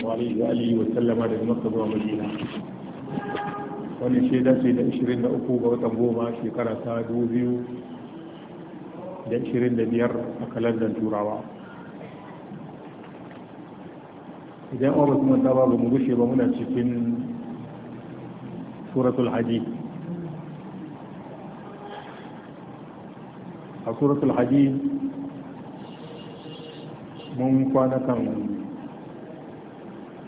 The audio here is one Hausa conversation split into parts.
Wani wa alihi wa wani shaida da 23 ga watan goma shekara ta 2025 a kalandar turawa idan abu kuma ta ba mu gushe ba muna cikin suratul hadid a suratul hadi mun kwanakan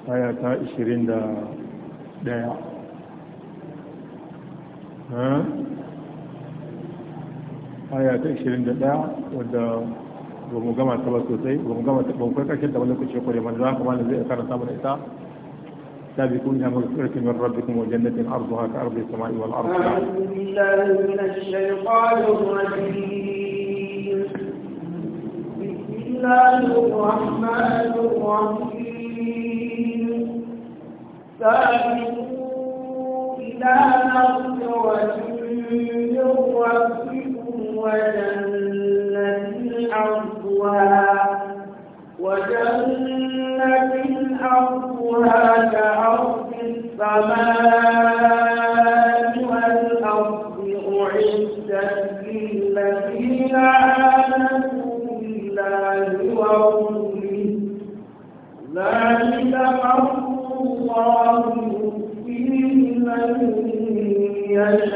aya ta 21 aya ta 21 wadda ba mu gama ta ba sosai ba mu gama ta ba kai karshen da wani kuce kware man za ka malam zai karanta mana ita سابقون wa مغفرة من ربكم وجنة أرضها كأرض السماء والأرض أعوذ بالله من الشيطان الرجيم الله الرحمن الرحيم إلى ربكم وجنة عرضها وجنة السماء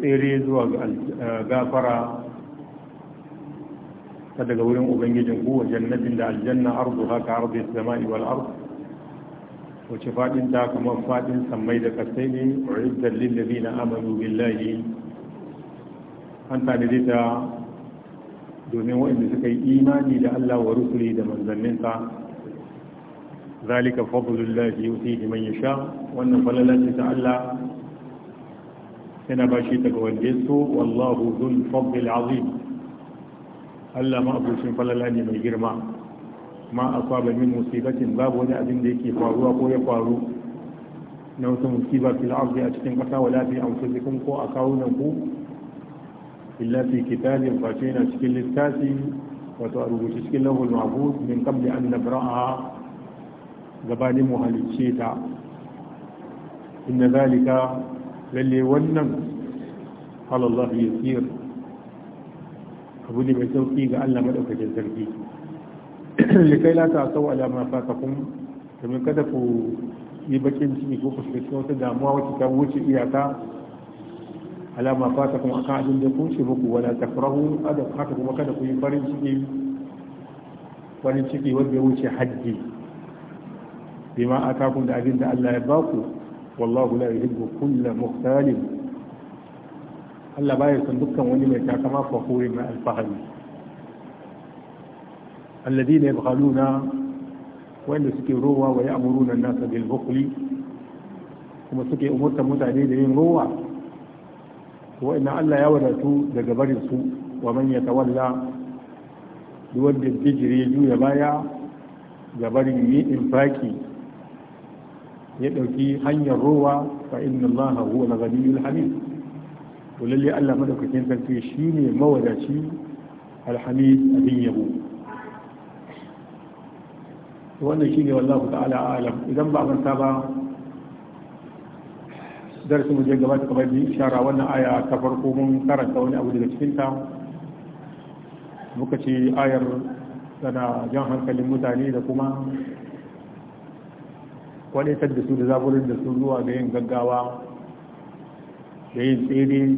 tsere zuwa eh, gafara ta daga wurin ubangijin ku jannatin da aljanna ardu haka ardu zama iwal ard wace faɗin ta kamar fadin sammai da kasai ne uizzat lillabi na amanu billahi an tanade ta domin waɗanda suka yi imani da Allah wa rusuli da manzanninsa zalika fadlullahi yutihi man yasha wannan falalati ta Allah yana ba shi daga wanda su wallahu zul fadl azim Allah ma abucin falala ne mai girma ma asaba min musibatin babu wani abin da yake faruwa ko ya faru na wata musiba fil ardi a cikin kasa wala fi anfusikum ko a kawunan ku illa fi kitabin face na cikin littafi wato a rubuce cikin lahul mahfuz min qabli an nabra'a gabanin mu halicce ta inna zalika lalle wannan halallahu ya siyar abu ne mai sauƙi ga allah maɗaukakin sarki likai la ta sau alama fasakun domin kada ku yi bakin ciki ko ku shiga wata damuwa wacce ta wuce iyaka alama fasakun akan abin da kun ce muku wala tafrahu haka kuma kada ku yi farin ciki farin ciki wanda ya wuce haddi bima akakun da abin da allah ya baku والله لا يحب كل مختال الله بايس ان دكان وني مي تاكما فخوري ما الفهم الذين يبخلون وين يسكروا ويأمرون الناس بالبخل كما سكي أمورت متعدي دين روا وإن الله يولد لجبر السوء ومن يتولى يودي الفجر يجو يبايا جبر يمين فاكي ya ɗauki hanyar rowa fa inna allaha huwa al-ghaniyyul hamid to lalle Allah madaukakin sarki shine mawadaci al-hamid abin yabo wannan shine wallahu ta'ala alam idan ba manta ba darasi mu je gaba kamar bi ishara wannan aya ta farko mun karanta wani abu daga cikin ta muka ce ayar tana jan hankalin mutane da kuma kwadatar da su da zaburin da su zuwa ga yin gaggawa da yin tsere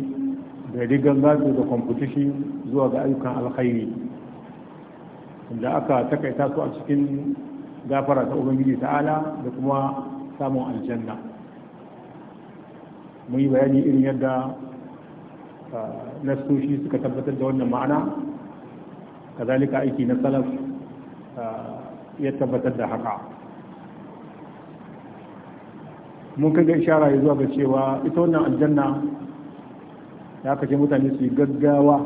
da rigar zafi da kwamfutishi zuwa ga ayyukan alkhairi da aka takaita su a cikin gafara ta ubangiji ta'ala da kuma samun aljanna mun yi bayani irin yadda nasoshi suka tabbatar da wannan ma'ana kazalika aiki na salaf ya tabbatar da haka mun kaga ishara zuwa ga cewa ita wannan aljanna ya kashe mutane su yi gaggawa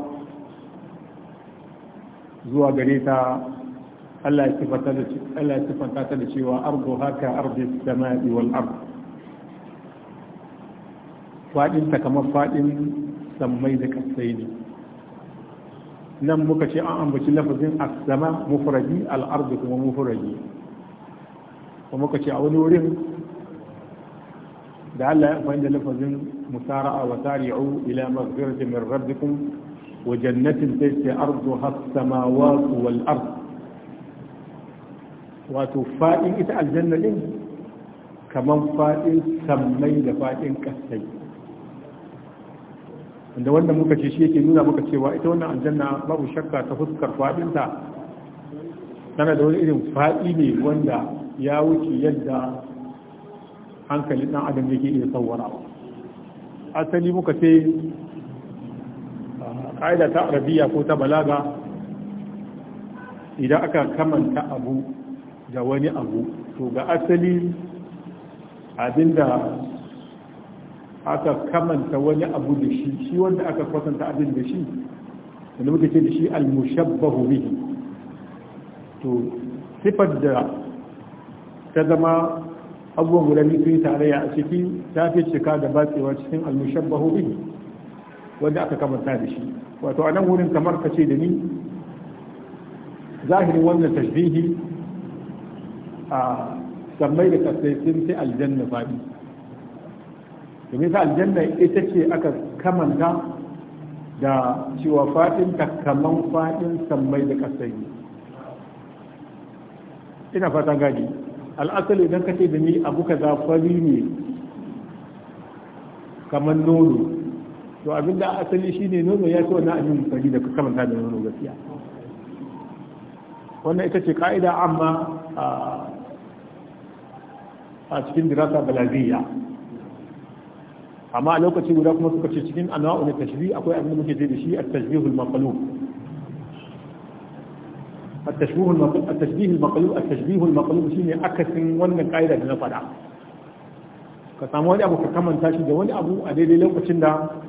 zuwa gare ta Allah ya sifanta ta da cewa ardu haka ardu sama'i wal ard fadin ta kamar fadin sammai da kasai ne nan muka ce an ambaci lafazin as-sama mufradi al kuma mufradi kuma muka ce a wani wurin da Allah ya amfani da lafazin musara'a wa sari'u ila maghfirati min rabbikum wa jannatin tajri arduha as-samawati wal ard wato fadin ita aljanna din kaman fadin sammai da fadin kasai wanda wanda muka ce shi yake nuna muka cewa ita wannan aljanna babu shakka ta fuskar fadinta tana da wani irin faɗi ne wanda ya wuce yadda hankali ɗan adam yake iya tsawarawa asali muka ce ah, ƙa'ida ta arabiya ko ta balaga idan aka kamanta abu da wani abu to ga asali abinda aka kamanta wani abu da shi shi wanda aka kwatanta abin da shi wanda muka ce da shi al-mushabbahu bihi to sifar da ta zama abubuwan guda biyu sun tarayya a ciki ta fi cika da batsewa cikin almushabbahu bihi wanda aka kamanta da shi wato a nan wurin kamar ka ce da ni zahirin wannan tashbihi a sammai da tafsirin sai aljanna faɗi domin ta aljanna ita ce aka kamanta da cewa faɗin kaman faɗin sammai da kasai ina fata gadi al'asali idan ka ce da ni abu kaza zafari ne kamar nono to abin da asali shine nono ya ce wannan abin fari da ka kamanta da nono gaskiya wannan ita ce ka'ida amma a cikin dirasa balaziya amma a lokaci guda kuma suka ce cikin anwa'u na tashiri akwai abin da muke ce da shi a tashbihul maqlub التشبيه المقلوب التشبيه المقلوب التشبيه المقلوب شيء أكسن من وان da na faɗa ka samu wani abu ka kamanta shi da wani abu a daidai lokacin da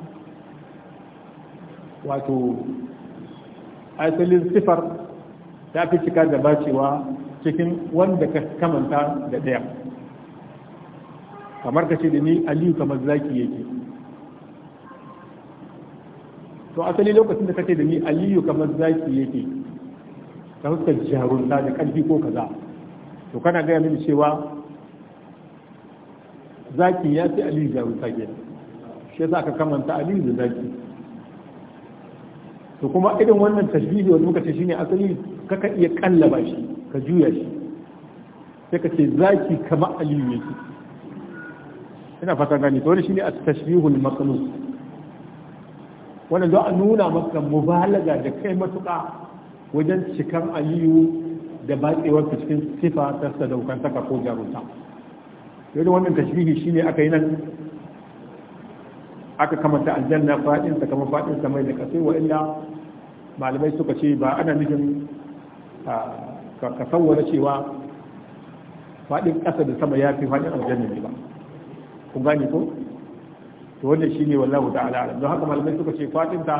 wato asalin sifar ta fi cika da bacewa cikin wanda ka kamanta da ɗaya kamar ka ce da ni aliyu kamar zaki yake to asali lokacin da ka ce da ni aliyu kamar zaki yake ta fuskar jarunta da ƙarfi ko kaza to kana gaya mini cewa zaki ya ce aliyu jarunta ke shi yasa aka kamanta aliyu da zaki to kuma irin wannan tashbihi wanda muka ce shine asali kaka iya kallaba shi ka juya shi sai ka ce zaki kamar aliyu yake ina fata gani to wani shine at-tashbihul maqlub wannan don a nuna maka mubalaga da kai matuƙa wajen cikan aliyu da batsewar cikin sifa ta sadaukantaka ko jarunta yadda wannan tashbihi shine aka yi nan aka kamata aljanna fadin ta kama fadin samai da kasai wa illa malamai suka ce ba ana nufin ka sawwara cewa fadin kasa da sama ya fi fadin aljanna ne ba kun gane ko to wannan shine wallahu ta'ala don haka malamai suka ce fadin ta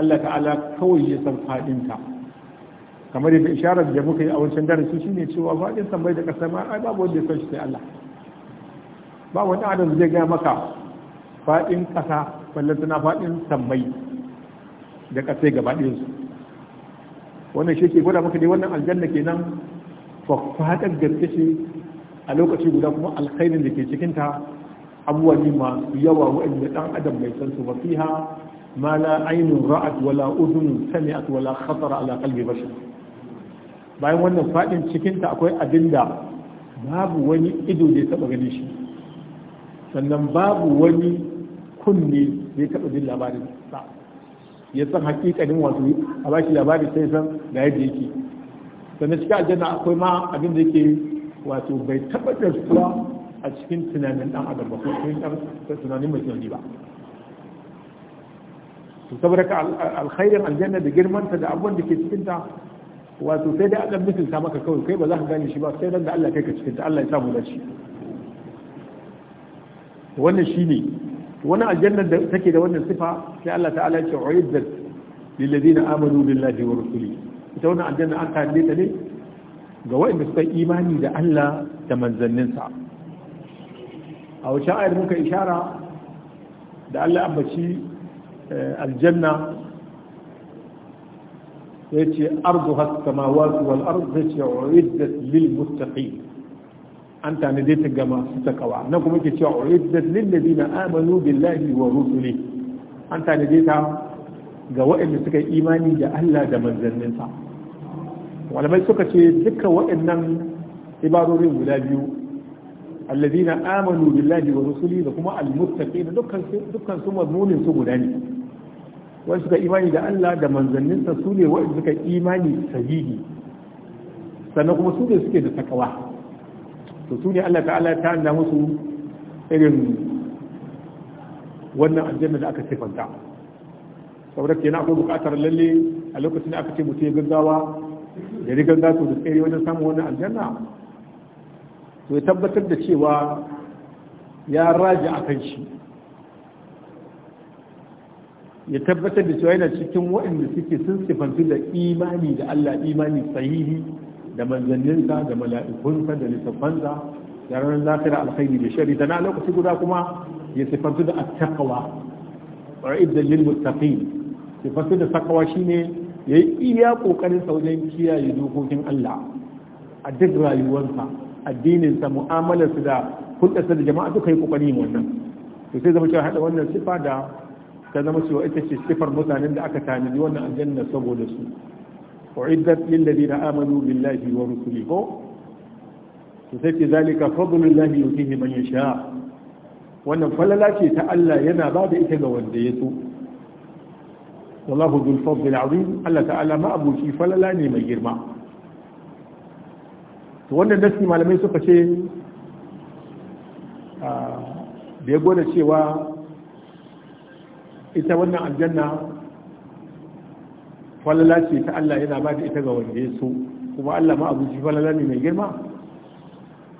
Allah ta'ala kawai ya san faɗinta kamar yadda isharar da muka yi a wancan darasi shine cewa faɗin bai da kasa ma ai babu wanda ya san shi sai Allah ba wani adam zai gaya maka faɗin kasa ballan tana faɗin samai, da kasa gaba ɗayan su wannan shi ke gwada maka dai wannan aljanna kenan faɗin gaske ce a lokaci guda kuma alkhairin da ke cikinta abubuwa ne masu yawa waɗanda ɗan adam bai san su ba fiha ما لا عين رأت ولا أذن سمعت ولا خطر على قلب بشر bayan wannan faɗin cikinta akwai abinda babu wani ido da ya taba gani shi sannan babu wani kunne da ya taba jin labarin sa ya san wato a sai san yake sannan cikin aljanna akwai ma abin da yake wato bai taba da a cikin tunanin dan adam ba ko cikin tunanin mai tunani ba to saboda ka alkhairin aljanna da girmanta da abubuwan da ke cikin ta wato sai dai akan misalta maka kawai kai ba za ka gane shi ba sai nan da Allah kai ka cikin ta Allah ya samu da shi wannan shine wannan aljanna da take da wannan sifa sai Allah ta'ala ya ce uiddat lil ladina amanu billahi wa rasulihi ita wannan aljanna an kalle ta ne ga waɗanda suka imani da Allah da manzanninsa a wacce ayar muka ishara da Allah ambaci Eh, aljanna ya ce arzu haskama wasu wal arzu ya ce uriddat lil mustaqim an tanade ta ga masu takawa na kuma ke cewa uriddat lil ladina amanu billahi wa rusuli an tanade ta ga waɗanda suka yi imani da Allah da manzanninsa walamai suka ce duka waɗannan ibarorin guda biyu alladina amanu billahi wa rusuli da kuma almuttaqin dukkan su dukkan su mazmunin su guda ne wasu suka imani da Allah da manzanninsa su ne suka imani sahihi sannan kuma su ne suke da takawa to su ne Allah ta'ala ta anda musu irin wannan aljanna da aka sifanta saboda yana akwai bukatar lalle a lokacin da aka ce mutum ya gaggawa ya riga gato da tsere wajen samun wannan aljanna to ya tabbatar da cewa ya raja akan shi ya tabbatar da cewa yana cikin waɗanda suke sun sifantu da imani da Allah imani sahihi da manzanninsa da mala'ikunsa da littafansa da ranar lafiyar alkhairi da shari da na lokaci guda kuma ya sifantu da attaqwa wa idda lil muttaqin sifantu da taqwa shine yayi iya kokarin sa wajen kiyaye dokokin Allah a duk rayuwarsa addininsa mu'amalarsa da hulɗarsa da jama'a duka yi kokari wannan to sai zama cewa hada wannan sifa da ta zama cewa ita ce sifar mutanen da aka tanadi wannan aljanna saboda su uiddat lil ladina amanu billahi wa rusulihi to sai ce zalika fadlullahi yutihi man yasha wannan falala ce ta Allah yana ba da ita ga wanda ya so wallahu dhul fadl azim Allah ta'ala ma abuci falala ne mai girma to wannan nasi malamai suka ce ah, da ya gwada cewa ita wannan aljanna falala ce ta Allah yana ba da ita ga wanda ya so kuma Allah ma abuci falala ne mai girma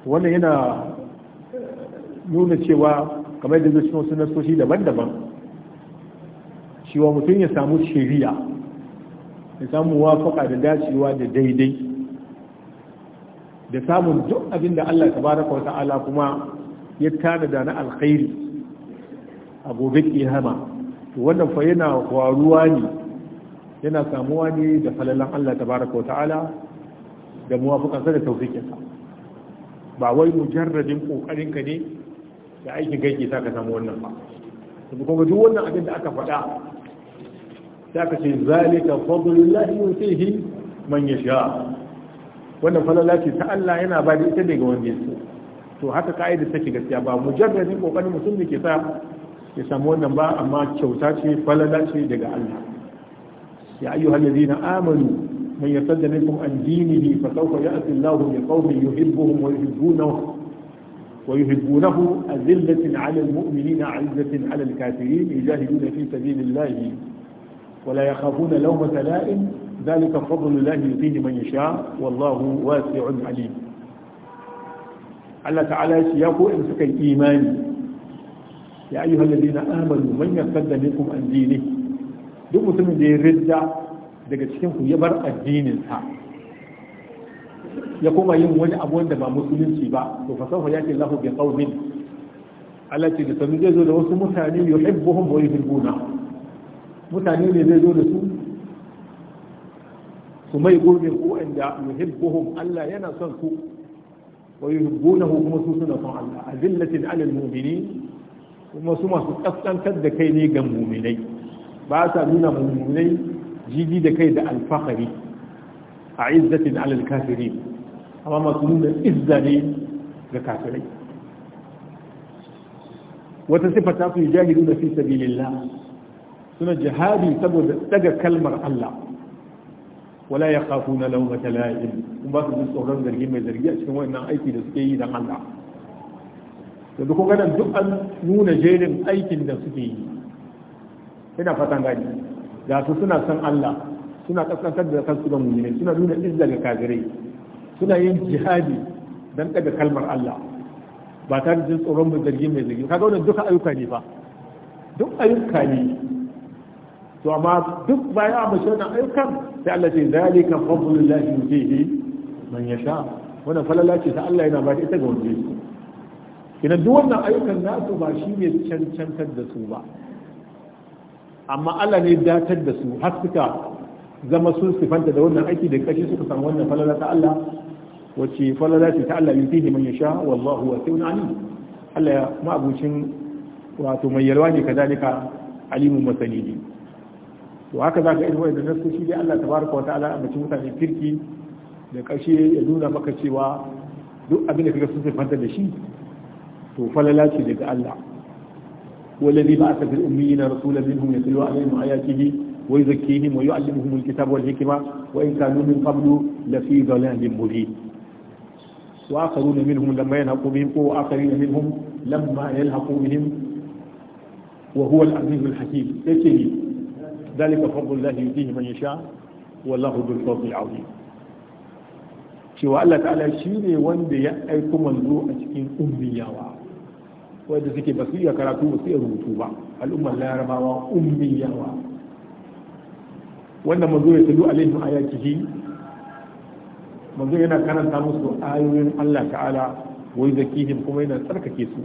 wannan yana nuna cewa kamar da zai suna soshi daban-daban cewa mutum ya samu shari'a ya samu wafaka da dacewa da daidai da samun duk abin da Allah baraka wata ta'ala kuma ya tana da na alkhairi a gobe hama. to wannan fa yana faruwa ne yana samuwa ne da falalan Allah tabaraka wa ta'ala da muwafakansa da tausikinsa ba wai mujarradin kokarinka ne da aikin gaiki sa ka samu wannan ba kuma kuma duk wannan abin da aka faɗa sai ka ce zalika fadlullahi yutihi man yasha wannan falala ce ta Allah yana ba da ita daga wanda yake to haka kaida take gaskiya ba mujarradin kokarin mutum ne ke sa ya samu wannan ba amma kyauta ce falala ce daga Allah ya ayyuha allazina amanu man yasadda minkum an dinihi fa sawfa ya'ti Allahu bi qawmin yuhibbuhum wa yuhibbunahu wa yuhibbunahu azillatin 'ala al-mu'minina 'izzatin 'ala al-kafirin yujahiduna fi sabilillahi wa la yakhafuna lawmata la'im ذلك فضل الله يؤتيه من يشاء والله واسع عليم Allah ta'ala ya ce ya ko in suka yi imani ya ayyuhal ladina amanu man yartadda minkum an dini duk mutumin da ya ridda daga cikinku ya bar addininsa ya koma yin wani abu wanda ba musulunci ba to fa sawfa yati Allahu bi qaumin Allah ce da sanu zai zo da wasu mutane yuhibbuhum wa yuhibbuna mutane ne zai zo da su su mai gurbin ku inda yuhibbuhum Allah yana son ku wa yuhibbunahu kuma su suna son Allah azillatin alal mu'minin kuma su masu kaskantar da kai ne ga muminai ba sa nuna muminai jiji da kai da alfahari a izzatin alal kafiri amma masu nuna izza ne ga kafirai wata sifa ta su jahidu na fi sabilillah suna jihadi saboda daga kalmar Allah wala ya kafu na laumata la'in kuma ba su tsoron zargi mai zargi a cikin wannan aiki da suke yi dan Allah yanzu ko ganin duk an nuna jerin aikin da suke yi ina fatan gani ga su suna san Allah suna kaskantar da kansu ga mu'minai suna nuna izza ga kafirai suna yin jihadi dan kada kalmar Allah ba ta da tsoron mu zargi mai zargi kaga wannan duka ayyuka ne fa duk ayyuka ne to amma duk bayan a mace wannan ayyukan sai Allah ce zalika fadlullahi yutihi man yasha wannan falala ce ta Allah yana ba da ita ga wanda yake idan duk wannan ayyukan nasu ba shi ne cancantar da su ba amma Allah ne datar da su har suka zama sun sifanta da wannan aiki da kashi suka samu wannan falala ta Allah wacce falala ce ta Allah yuti man yasha wallahu wasi'un alim Allah ya ma'abucin wato mai yalwa ne kadalika alimun masani to haka zaka irin da nasu shi dai Allah tabaraka wa ta'ala a mutane kirki da kashi ya nuna maka cewa duk abin da kake sun sifanta da shi to falala ce daga Allah والذي بعث في الأميين رسولا منهم يتلو عليهم آياته ويزكيهم ويعلمهم الكتاب والحكمة وإن كانوا من قبل لفي ضلال مبين وآخرون منهم لما يلحقوا بهم وآخرين منهم لما يلحقوا بهم وهو العزيز الحكيم يتلي ذلك فضل الله يؤتيه من يشاء والله ذو الفضل العظيم cewa Allah ta'ala shi ne wanda ya aiko manzo a cikin ummiyawa wanda suke ba su iya karatu ba su iya rubutu ba al'ummar larabawa yawa wannan manzo ya tulu alaihim ayatihi manzo yana karanta musu ayoyin Allah ta'ala wa yuzakihim kuma yana tsarkake su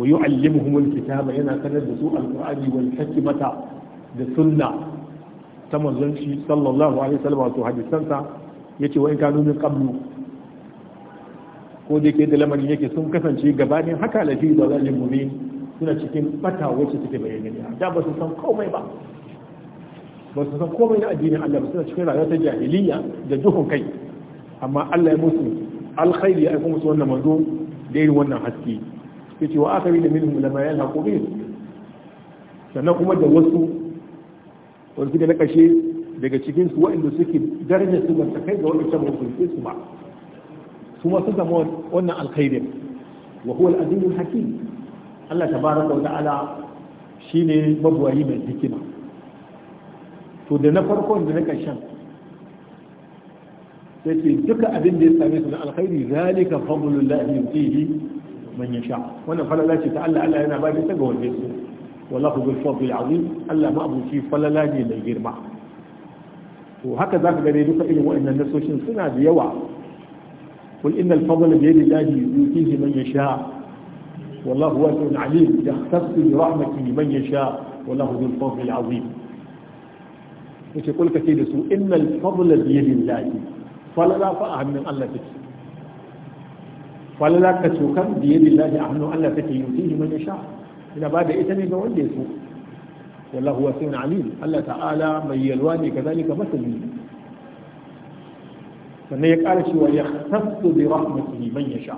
wa yu'allimuhum alkitaba yana sanar da su alqur'ani wal hikmata da sunna ta manzon shi sallallahu alaihi wasallam to hadisansa yace wa in kanu min qablu ko da ke da lamarin yake sun kasance gabanin haka lafi da zalim mumin suna cikin bata wacce take bayyana da ba su san komai ba ba su san komai na addinin Allah ba suna cikin rayuwar ta jahiliya da duhun kai amma Allah ya musu alkhairi ya aika musu wannan manzo da irin wannan haske yace wa akari da minhum ya na bihim sannan kuma da wasu wasu da na kashe daga cikin su waɗanda suke darajar su ba ta kai ga wani musulmi su ba su ma sun samu wannan alkhairin wa huwa al-azimul hakim Allah tabaraka wa ta'ala shine mabuwayi mai hikima to da na farko da na ƙarshen sai ce duka abin da ya same su na alkhairi zalika fadlul lahi yutihi man yasha wannan falala ce ta Allah Allah yana ba ta ga wanda yake wallahu bil fadl azim Allah ma abuci falala ne mai girma to haka zaka ga dai duka irin waɗannan nasoshin suna da yawa قل إن الفضل بيد الله يؤتيه من يشاء والله واسع عليم يختص برحمته من يشاء والله ذو الفضل العظيم مش يقول كثير سوء إن الفضل بيد الله فلا لا فأهم من الله تك فلا لا كسوكا بيد الله أهم من الله تك يؤتيه من يشاء إن بعد إثنين دعون والله واسع عليم الله تعالى من يلواني كذلك مثل sannan ya ƙara cewa ya tasu bi rahmatihi man yasha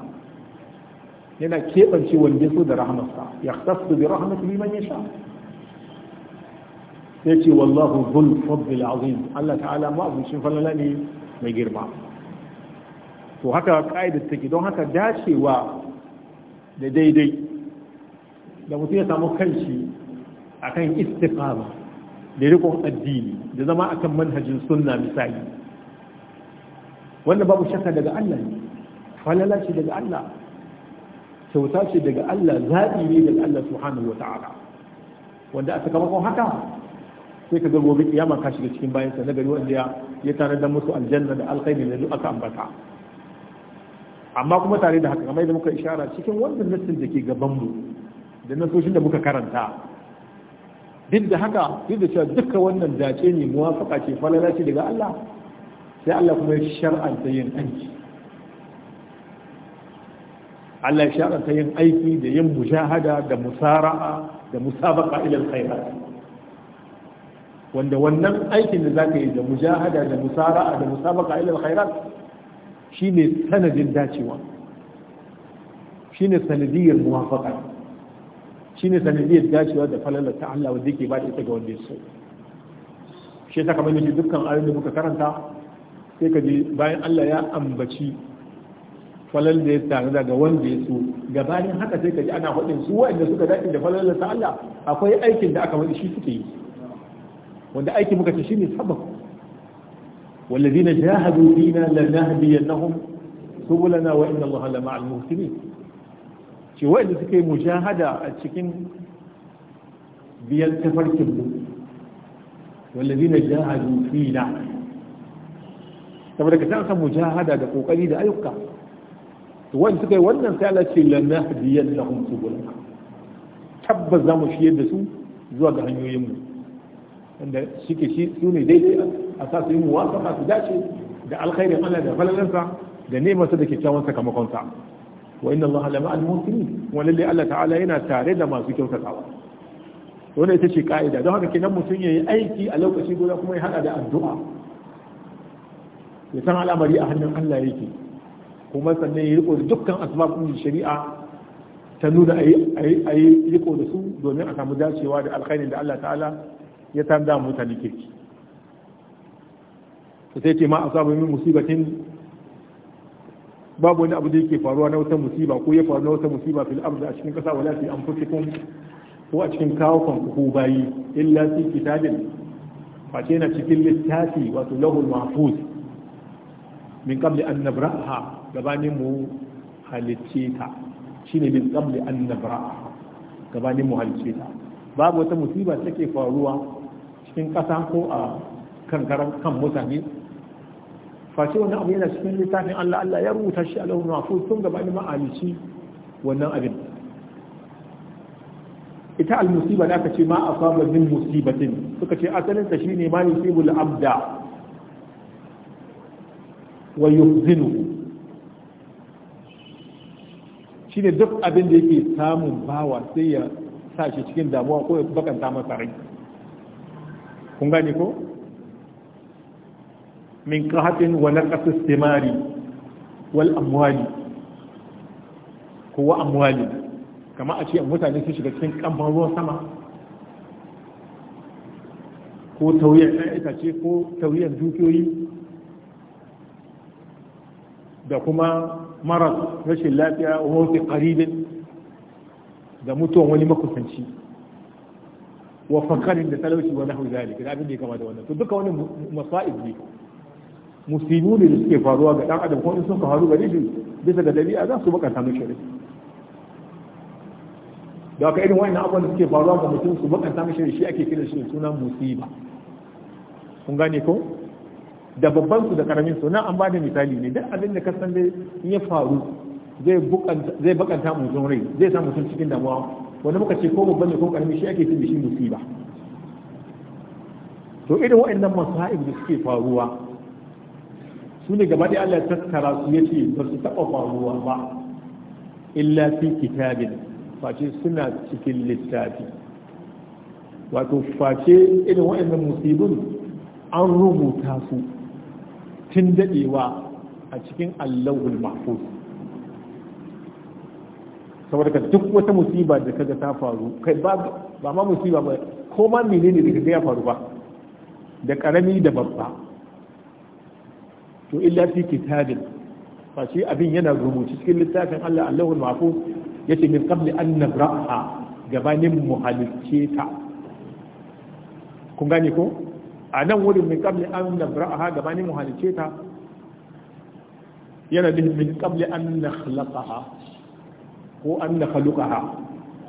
yana keɓance wanda so da rahmarsa ya tasu bi rahmatihi man yasha sai ce wallahu zul fadl azim Allah ta'ala ma abincin falala ne mai girma to haka ka'ida take don haka dacewa da daidai da mutum ya samu kanshi akan istiqama da rikon addini da zama akan manhajin sunna misali wanda babu shakka daga Allah ne falala ce daga Allah kyauta ce daga Allah zaɓi ne daga Allah subhanahu wa ta'ala wanda a sakamakon haka sai ka ga gobe kiyama ka shiga cikin bayansa na gari wanda ya tare da musu aljanna da alkhairi da duk aka ambata amma kuma tare da haka kamar da muka ishara cikin wannan nassin da ke gabanmu da nasoshin da muka karanta duk da haka duk da cewa duka wannan dace ne muwafaka ce falala ce daga Allah sai Allah kuma ya shar'anta yin aiki Allah ya shar'anta yin aiki da yin mujahada da musara'a da musabaqa ila alkhairat wanda wannan aikin da zaka yi da mujahada da musara'a da musabaqa ila alkhairat shine sanadin dacewa shine sanadiyar muwafaqa shine sanadiyar dacewa da falalar ta Allah wanda yake ba da ita ga wanda ya so shi ta kamar yadda dukkan ayoyin da muka karanta sai ka ji bayan Allah ya ambaci falal da ya tare daga wanda ya so gabanin haka sai ka ji ana faɗin su waɗanda suka daɗin da falal da Allah akwai aikin da aka wani shi suke yi wanda aiki muka ce ne sabab والذين جاهدوا فينا لنهدينهم سبلنا وان الله لمع المهتدين ce waɗanda suka yi mujahada a cikin biyar tafarkin mu wallazi na jahadu fina saboda ka san mujahada da kokari da ayyuka to wanda suka yi wannan sai Allah ce lanahdiyannahum subulana tabbas za mu shiyar da su zuwa ga hanyoyin mu wanda shike shi su ne daidai a sa su yi muwafaqa su dace da alkhairin Allah da falalansa da nemarsa da kyakkyawan sakamakonsa wa inna Allah lama al-muhsinin wallahi Allah ta'ala yana tare da masu kyautatawa wannan ita ce ka'ida don haka kenan mutum yayi aiki a lokaci guda kuma ya hada da addu'a ya san al'amari a hannun Allah yake kuma sannan ya riko da dukkan asbabun shari'a ta nuna a yi riko da su domin a samu dacewa da alkhairin da Allah ta'ala ya tanda mutane kirki to sai ce ma asabu min musibatin babu wani abu da yake faruwa na wata musiba ko ya faru na wata musiba fil ardi a cikin kasa wala fi anfusikum ko a cikin kawo ku bayi illa fi kitabin face na cikin littafi wato lahul mahfuz min qabli an nabraha gabanin mu halicce ta shine min qabli an nabraha gabanin mu halicce ta babu wata musiba take faruwa cikin ƙasa ko a kankaran kan mutane face wannan abu yana cikin littafin Allah Allah ya rubuta shi a lahun mafu tun gaba ni ma'alici wannan abin ita al-musiba da aka ce ma asaba min musibatin suka ce asalin ta shine ma yusibu al-abda wa shine duk abin da yake samun bawa sai ya sa shi cikin damuwa ko ya bakanta masa rai kun gane ko min qahatin wa naqas istimari wal amwali ko wa amwali kama a ce mutane sun shiga cikin kamban ruwan sama ko ita itace ko tauyar dukiyoyi da kuma maras rashin lafiya wa mawuti da mutuwan wani makusanci wa fakarin da talauci wa nahwu zalika da abin da ya kama da wannan to duka wani masa'ib ne musulmi ne da suke faruwa ga dan adam ko in sun faru gare shi bisa ga dabi'a za su bukata mishi shirin, da aka irin wannan abin da suke faruwa ga mutum su bukata shirin shi ake kira shi sunan musiba kun gane ko da babban su da karamin su na an bada misali ne duk abin da ka san dai ya faru zai bukanta zai bakanta mutum rai zai sa mutum cikin damuwa wanda muka ce ko babban ne ko karami shi ake cin shi musiba to irin waɗannan masahib da suke faruwa su ne gaba da Allah ya tattara su yace ba su taɓa faruwa ba illa fi kitabin face suna cikin littafi wato face irin waɗannan musibin an rubuta su tun daɗewa a cikin allahul mahfuz saboda duk wata musiba da kaga ta faru kai ba ma musiba ba ko ma menene da kaga ya faru ba da karami da babba to illa fi kitabin fa shi abin yana rubuci cikin littafin Allah Allahul Mahfuz yace min qabli an nabraha gabanin muhalicce ta kun gane ko a nan wurin min qabli an nabra'aha gabanin mu halice ta yana bin min qabli an nakhlaqaha ko an nakhluqaha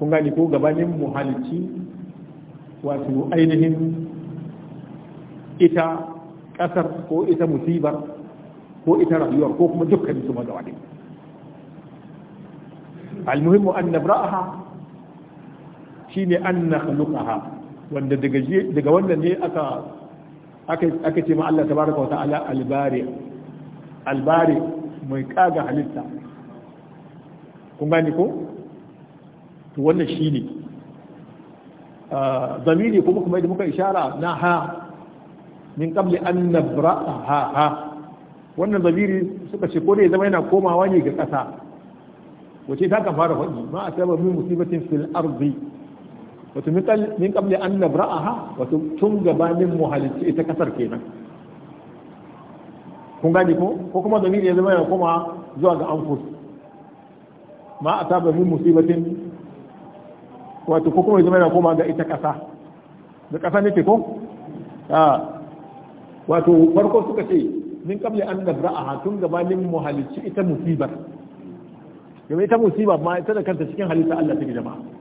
kun gani ko gabanin mu halici wato ainihin ita kasar ko ita musibar ko ita rayuwar ko kuma dukkan su maza wadai almuhimmu an nabra'aha shine an nakhluqaha wanda daga daga wannan ne aka aka ce ma Allah tabaraka wa ta'ala albari albari mai kaga halitta kun gani ko to wannan shine ah, zamiri kuma kuma da muka ishara na ha min qabli an nabra'a ha ha wannan zamiri suka ce ko ne zama yana komawa ne ga kasa wace ta kan fara faɗi ma a min musibatin fil ardi wato min kabli an nabra'aha wato tun gabanin muhalici ita kasar kenan kun gani ko ko kuma da ne zama ya koma zuwa ga anfus ma ataba min musibatin wato ko kuma zama ya koma ga ita kasa da kasa ne ko a wato farko suka ce min kabli an nabra'aha tun gabanin muhalici ita musibar game ita musiba ma ita da kanta cikin halitta Allah take jama'a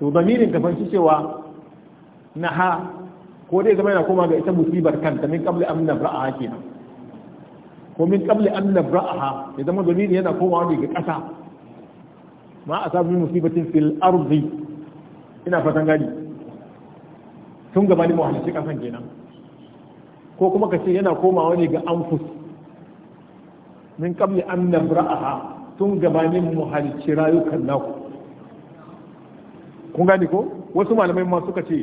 to zamirin ka fanci cewa na ha ko dai zama yana koma ga ita musibar kanta min qabli an nabra'a kenan ko min qabli an nabra'a ya zama zamiri yana komawa ne ga ƙasa ma a sabu musibatin fil ardi ina fatan gani tun gaba ne mahalicci ƙasan kenan ko kuma ka ce yana komawa ne ga anfus min qabli an nabra'aha tun gabanin muhalicci rayukan naku kun gane ko wasu malamai ma suka ce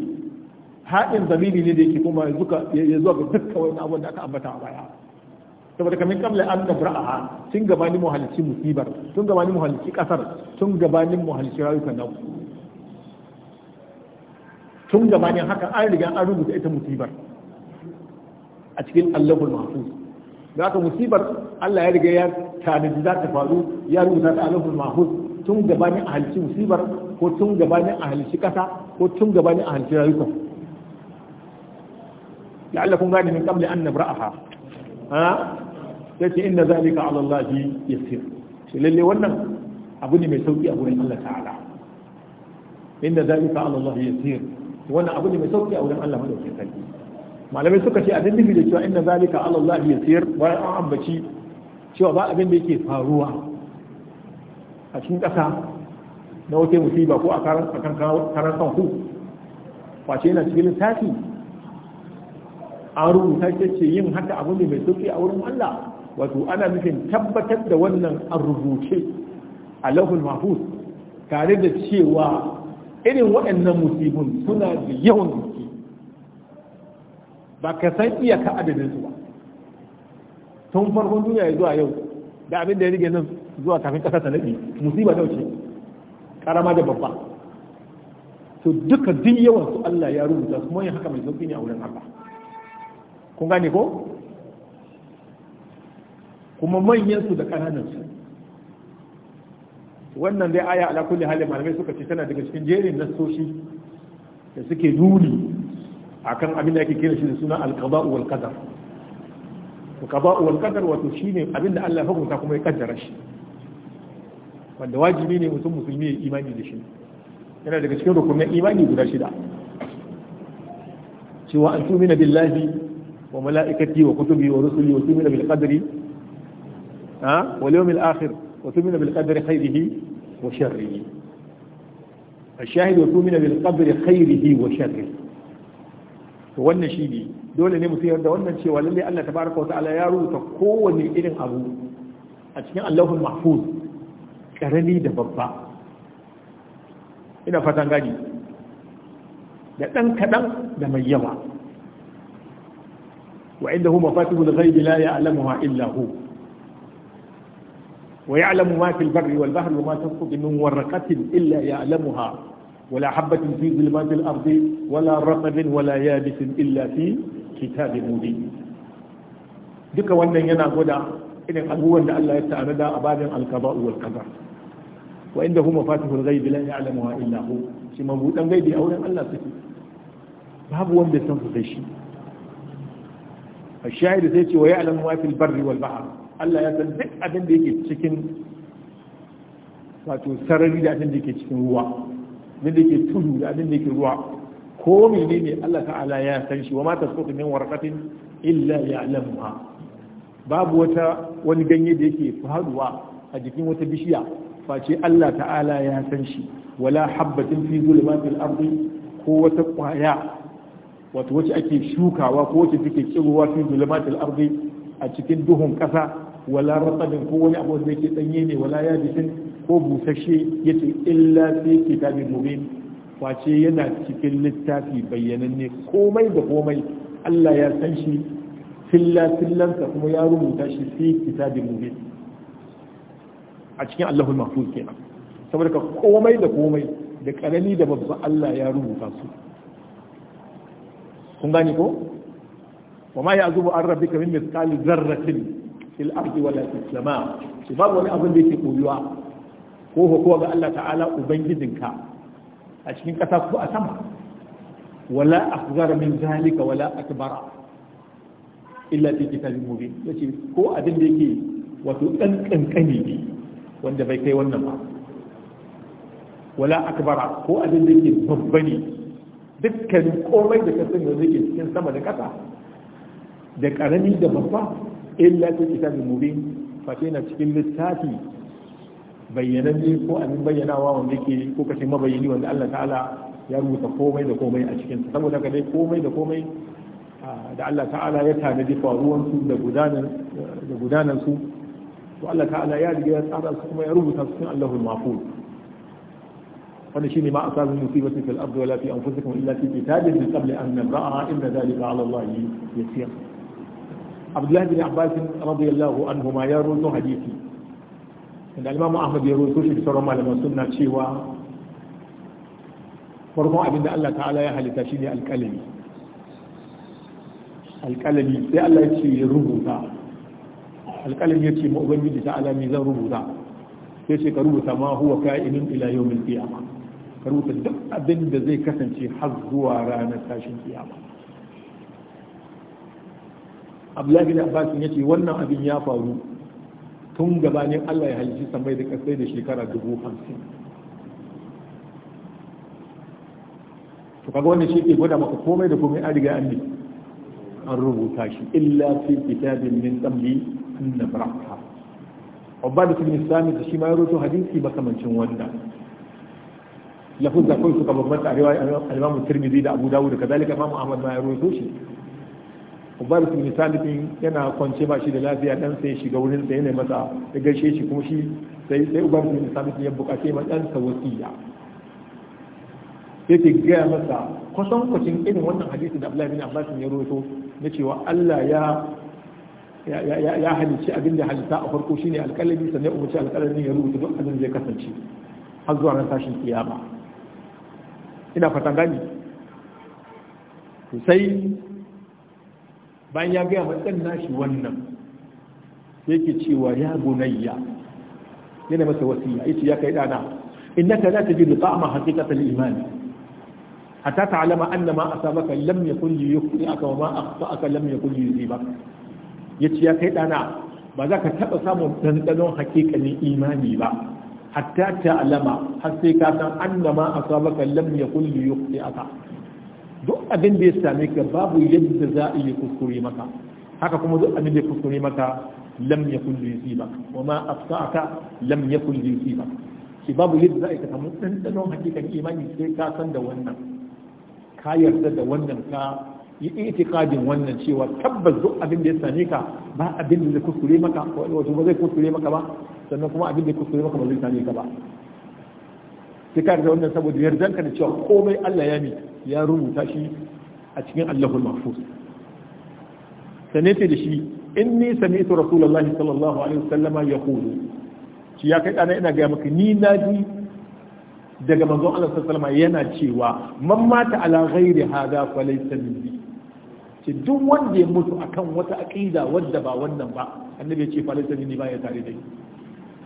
haɗin zamiri ne da yake kuma ya zuwa ga dukkan wani abin da aka ambata a baya saboda kamar kamla an da fura'a sun gabanin mu halicci musibar sun gabanin mu halicci kasar sun gabanin mu halicci rayukan nan tun gabanin haka an riga an rubuta ita musibar a cikin allahul mahfuz da aka musibar Allah ya riga ya tanadi za ta faru ya rubuta ta allahul mahfuz tun gabanin a halicci musibar ko tun gabanin a halishi kasa ko tun gabanin a halishi rayuka Allah kun gane min qabli an nabra'aha ha ce inna zalika 'ala Allah yasir shi lalle wannan abu ne mai sauki a wurin Allah ta'ala inna zalika 'ala Allah yasir wannan abu ne mai sauki a wurin Allah sauki sarki malamai suka ce a dindin da cewa inna zalika 'ala Allah yasir bayan an ambaci cewa ba abin da yake faruwa a cikin ƙasa na wata musiba ko a kan karar kan ku face yana cikin littafi an rubuta shi ce yin haka abu ne mai sauki a wurin Allah wato ana nufin tabbatar da wannan an rubuce a lahul mahfuz tare da cewa irin waɗannan musibin suna da yawan gaske ba ka san iyaka adadin su ba tun farkon duniya zuwa yau da abin da ya rige nan zuwa kafin ƙasa ta nabi musiba wuce. karama da babba to duka duk yawan su Allah ya rubuta su mun haka mai sauki ne a wurin Allah kun gane ko kuma manyan su da kananan su wannan dai aya ala kulli hali malamai suka ce tana daga cikin jerin nasoshi da suke nuni akan abin da ake kira shi da suna al-qada'u wal qadar qada'u wal qadar wato shine abin da Allah ya hukunta kuma ya kaddara shi wanda wajibi ne mutum musulmi ya imani da shi yana daga cikin rukunin imani guda shida cewa an tumina billahi wa mala'ikati wa kutubi wa rusuli wa tumina bil qadri ha wal yawmil akhir wa tumina bil qadri khairihi wa sharrihi الشاهد وتؤمن بالقدر خيره وشره wannan shi ne dole ne mutum yarda wannan cewa lalle Allah tabaraka wa ta'ala ya rubuta kowanne irin abu a cikin Allahul Mahfuz karami da babba ina fatan gani da ɗan kaɗan da mai yawa wa inda hu mafatihul ghaibi la ya'lamuha illa hu wa ya'lamu ma fil barri wal bahri wa ma tasqutu min waraqatin illa ya'lamuha ولا حبة في ظلمات الأرض ولا رطب ولا yabisin illa fi كتاب مبين duka wannan yana gwada irin abubuwan da Allah ya ta'ala da abadan alkaba wal qadar wa inda huma fatihul ghaibi la ya'lamuha illa hu shi mabudan gaibi a wurin Allah suke babu wanda san su sai shi wa سيتي ويعلم ما في البر والبحر Allah ya san duk abin da yake cikin wato sarari da abin da yake cikin ruwa abin da yake tudu da abin da yake ruwa ko ne Allah ta'ala ya san shi wa ma tasqutu min warqatin illa ya'lamuha babu wata wani ganye da yake faduwa a jikin wata bishiya face Allah ta'ala ya san shi wala habbatin fi zulumatil ardi ko wata kwaya wato wacce ake shukawa ko wace take tsirowa fi zulumatil ardi a cikin duhun kasa wala ratabin ko wani abu da yake danye ne wala yabisin ko busasshe yace illa fi kitabin mubin face yana cikin littafi bayyananne komai da komai Allah ya san shi filla kuma ya rubuta shi fi kitabin mubin a cikin Allahul Mahfuz kenan saboda ka komai da komai da karami da babba Allah ya rubuta su kun gane ko wa ma ya'zubu an rabbika min mithqali dharratin fil ardi wala fis samaa shi babu wani abin da yake koyuwa ko ko ga Allah ta'ala ubangijinka a cikin kasa ko a sama wala akbar min zalika wala akbara illa fi kitabin mubin yace ko abin da yake wato dan kankani ne wanda bai kai wannan ba wala akbara ko abin da ke babba ne dukkanin komai da ka sani wanda cikin sama da ƙasa da ƙarami da babba illa ta kitabin mubin fate na cikin littafi bayyananne ko abin bayyanawa wanda ke ko kashe mabayyani wanda Allah ta'ala ya rubuta komai da komai a cikin saboda ka dai komai da komai ah, da Allah ta'ala ya tanadi faruwansu da gudanansu to Allah ta'ala ya riga ya tsara su kuma ya rubuta su cikin Allahul Mahfuz wannan shine ma asabun musibati fil ardi wala fi anfusikum illa fi kitabin min qabli an nabra'aha inna dhalika 'ala Allah yasir Abdullah bin Abbas radiyallahu anhuma ya rawaito hadisi da Imam Ahmad ya rawaito shi sauran malaman sunna cewa farkon abinda Allah ta'ala ya halitta shine alqalami alqalami sai Allah ya ce ya rubuta alƙalin ya ce ma ubangiji ta alami zan rubuta ya ce ka rubuta ma huwa ka'inin ila yawmin qiyama ka rubuta duk abin da zai kasance har zuwa ranar tashin kiyama abdullahi bin abbas ya ce wannan abin ya faru tun gabanin Allah ya halici samai da kasai da shekara dubu hamsin to kaga wannan shi ke gwada maka komai da komai an riga an an rubuta shi illa fi kitabin min qabli anna baraka ubadu ibn sami da shi ma ya roto hadisi makamancin wanda lafuzza kai suka bambanta a riwayar al-Imam Tirmidhi da Abu Dawud kazalika Imam Ahmad ma ya roto shi Ubaru bin Salimin yana kwance ba shi da lafiya dan sai shiga wurin da yana masa ya gaishe shi kuma shi sai sai Ubaru bin Salimin ya bukace ma dan sa wasiya yake gaya masa kusan kwacin irin wannan hadisi da Abdullahi bin Abbas ya roto na cewa Allah ya ya halicci abin da halitta a farko shine alƙalami sannan umarci alƙalami ya rubuta duk abin zai kasance har zuwa ran tashin kiyama ina fatan gani sai bayan ya gaya matsan nashi wannan yake cewa ya gunayya yana masa wasiya yace ya kai dana innaka la tajidu ta'ama haqiqatal iman hatta ta'lama anna ma asabaka lam yakun yukhti'aka wa ma akhta'aka lam yakun yuzibaka ya ce ya kai ɗana ba za ka taɓa samun ɗanɗanon hakikanin imani ba hatta ta alama har sai ka san annama asabaka lam yakul aka duk abin da ya same ka babu yadda za a yi kuskure maka haka kuma duk abin da ya kuskure maka lam yakul ba wa ma a afsa'aka lam yakul ba shi babu yadda za a yi ka samu ɗanɗanon hakikan imani sai ka san da wannan ka yarda da wannan ka yi itikadin wannan cewa tabbas duk abin da ya same ka ba abin da zai kuskure maka wato ba zai kuskure maka ba sannan kuma abin da ya kuskure maka ba zai same ka ba sai ka da wannan saboda yardanka da cewa komai Allah ya mi ya rubuta shi a cikin Allahul Mahfuz sanne sai da shi inni sami'tu rasulullahi sallallahu alaihi wasallama yaqulu shi ya kai dana ina ga maka ni naji daga manzon Allah sallallahu alaihi wasallama yana cewa man mata ala ghairi hada fa laysa minni ce duk wanda ya mutu akan wata aqida wadda ba wannan ba annabi ya ce falisa ne ba ya tare da ni